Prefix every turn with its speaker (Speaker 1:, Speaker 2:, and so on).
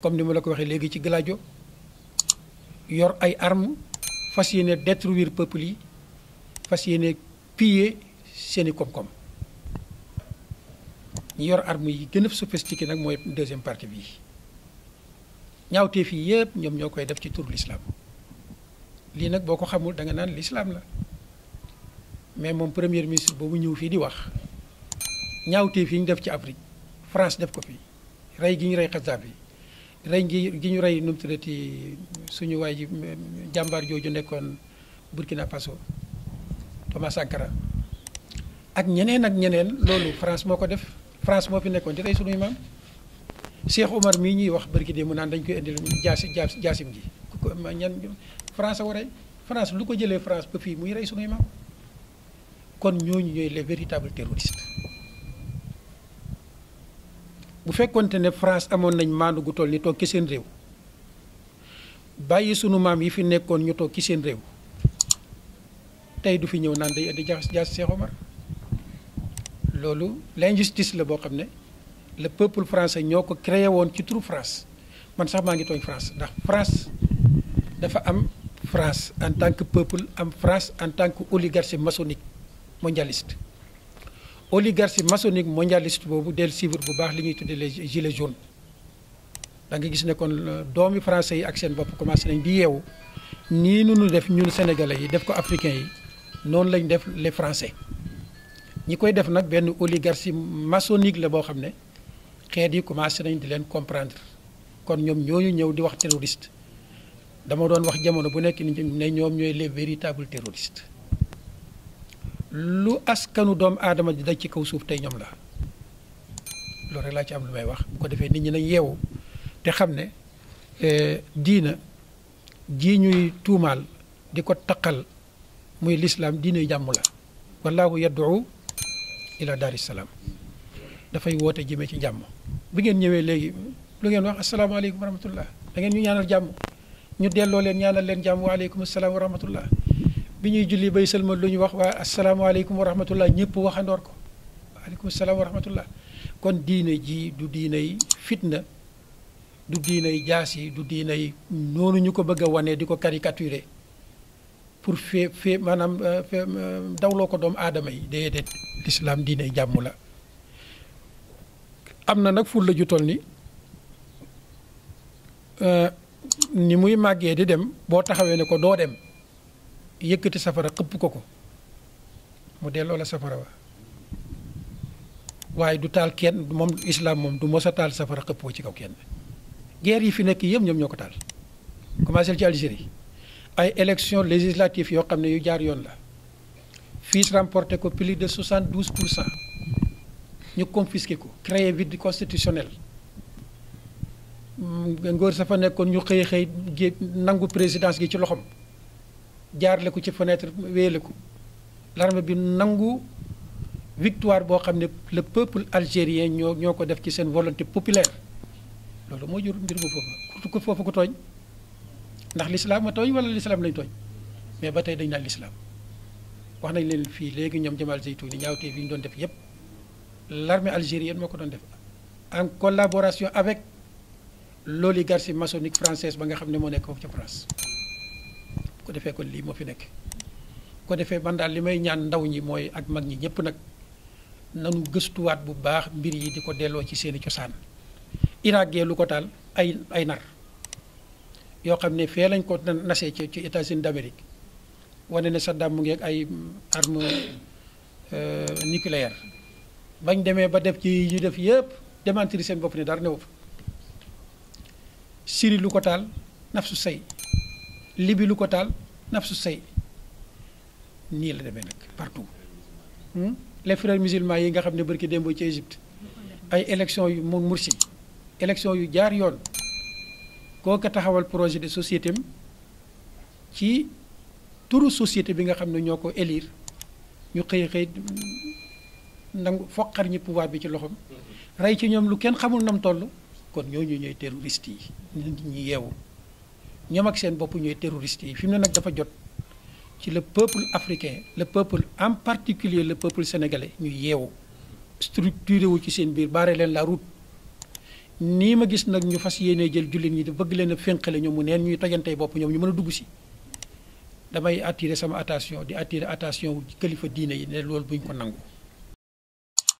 Speaker 1: comme ni ma la ko waxee léegi ci Gladio yor ay arm fas yéene détruire peuple yi fas yéene piller seeni koom-koom ñi yor arm yi gën a nag mooy deuxième partie bii ñaawteef yi yëpp ñoom ñoo koy def ci turu l'islam lii nag boo ko xamul danga naan l'islam la mais moom premier ministre boobu ñëw fii di wax ñaawteef fii ñu def ci Afrique France def ko fi rey gi ñu rey xasaab yi rey gi gi ñu rey nu mu tuddati suñu waay ji jàmbaar jooju nekkoon Burkina Faso Thomas Sankara ak ñeneen ak ñeneen loolu France moo ko def France moo fi nekkoon di rey suñuy maam Cheikh Omar mii ñuy wax barki de mu naan dañ koy indil jaasi jaasim ji ñan France a war a France lu ko jëlee France ba fii muy rey suñuy maam kon ñooñu ñooy les véritables terroristes bu fekkonte ne France amoon nañ maandu gu toll ni toog ci seen réew bàyyi sunu maam yi fi nekkoon ñu toog ci seen réew tey du fi ñëw naan day indi jaas jaas Cheikh Omar loolu l'injustice la boo xam ne le peuple français ñoo ko créé woon ci turu France man sax maa ngi tooñ France ndax France dafa am France en tant que peuple am France en tant que oligarchie masonique mondialiste oligarchie maçonnique mondialiste boobu del suivre bu baax li ñuy tuddee les gilets jaunes da nga gis ne kon euh, doomi français yi ak seen bopp commencé nañ bi yeewu nii nu def ñun sénégalais yi def ko africains yi noonu lañ def les français ñi koy def nag benn oligarchie maçonnique la boo xam ne xeet yi commencé nañ di leen comprendre kon ñoom ñooñu ñëw di wax terroriste dama doon wax jamono bu nekk ni ne ñoom ñooy les véritables terroristes lu askanu doomu aadama di daj ci kaw suuf tey ñoom la loolu rek laa ci am lu may wax bu ko defee nit ñi nañ yeewu te xam ne eh, diina ji ñuy tuumaal di ko taqal muy lislaam diine jàmm la wallaahu yad'u ila daari salaam dafay woote jëmee ci jàmm bi ngeen ñëwee léegi lu ngeen wax asalaamaaleykum wa rahmatullah da ngeen ñu ñaanal jàmm ñu delloo leen ñaanal leen jàmm waaleykum salaam wa bi ñuy julli bay sëlmal lu ñu wax waa asalaamaaleykum wa rahmatullah ñëpp waxandoor ko waaleykum salaam wa rahmatullah kon diina ji du diiney fitna du diiney jaas yi du diiney noonu ñu ko bëgg wane di ko caricaturer pour fee fee maanaam euh, euh, dawloo ko doomu aadama yi déedéet lislaam diiney jàmmu la am na nag ful la ju toll ni euh, ni muy màggee di dem boo taxawee ne ko doo dem yëkkati safara xëpp ko ko mu delloo la safara wa waaye du taal kenn moom islaam moom du mos a taal safara xëpp ko ci kaw kenn guerre yi fi nekk yëpp ñoom ñoo ko taal commencé ci Algérie ay élection législative yoo xam ne yu jaar yoon la fils remporté ko plus de 72 pour cent ñu confisqué ko créé vide constitutionnel ngóor sa fa nekkoon ñu xëy xëy nangu présidence gi ci loxom jaarle ko ci fenêtre wéele ko l'armée bi nangu victoire boo xam ne le peuple algérien ñoo ñoo ko def ci seen volonté populaire loolu moo jur mbir mu foofu ko foofu ko tooñ ndax lislaam a tooñ wala lislaam lañ tooñ mais ba tey dañ naan lislaam wax nañ leen fii léegi ñoom Jamal Zeytouni ñaawtee bi ñu doon def yépp l'armée algérienne moo ko doon def en collaboration avec l'oligarchie maçonnique française ba nga xam ne moo nekk foofu France ko defee ko lii moo fi nekk ko defee man daal li may ñaan ndaw ñi mooy ak mag ñi ñëpp nag nanu gëstuwaat bu baax mbir yi di ko delloo ci seeni cosaan Irak lu ko taal ay ay nar yoo xam ne fee lañ ko nasee ci ci États-Unis wane ne sa dàmm ngi ay arme euh, nucléaire bañ demee ba def ci ñu def yëpp démentir seen bopp ne dara new fa Syrie lu ko taal nafsu say Libye lu ko taal nafsu say nii la demee nag partout hmm? les frères yi nga xam ne barki démb ci Égypte ay élection yu moom Mursi élection yu jaar yoon kooka taxawal projet de société ci turu société bi nga xam ne ñoo ko élire ñu xëy xëy nangu foqar ñi pouvoir bi ci loxoom rey ci ñoom lu kenn xamul nam toll kon ñooñu ñooy terroristes yi nit ñi yeewu ñoom ak seen bopp ñooy terroristes yi fim ne nag dafa jot ci la peuple africain le peuple en particulier le peuple sénégalais ñu yeewu structuré wu ci seen biir baare leen la route nii ma gis nag ñu fas yéenee jël jullit ñi bëgg leen a fénqale mu neen ñuy tojantey bopp ñoom ñu mën a dugg si damay attire sama attention di attirer attention kilifa diine yi ne loolu buñ ko nangu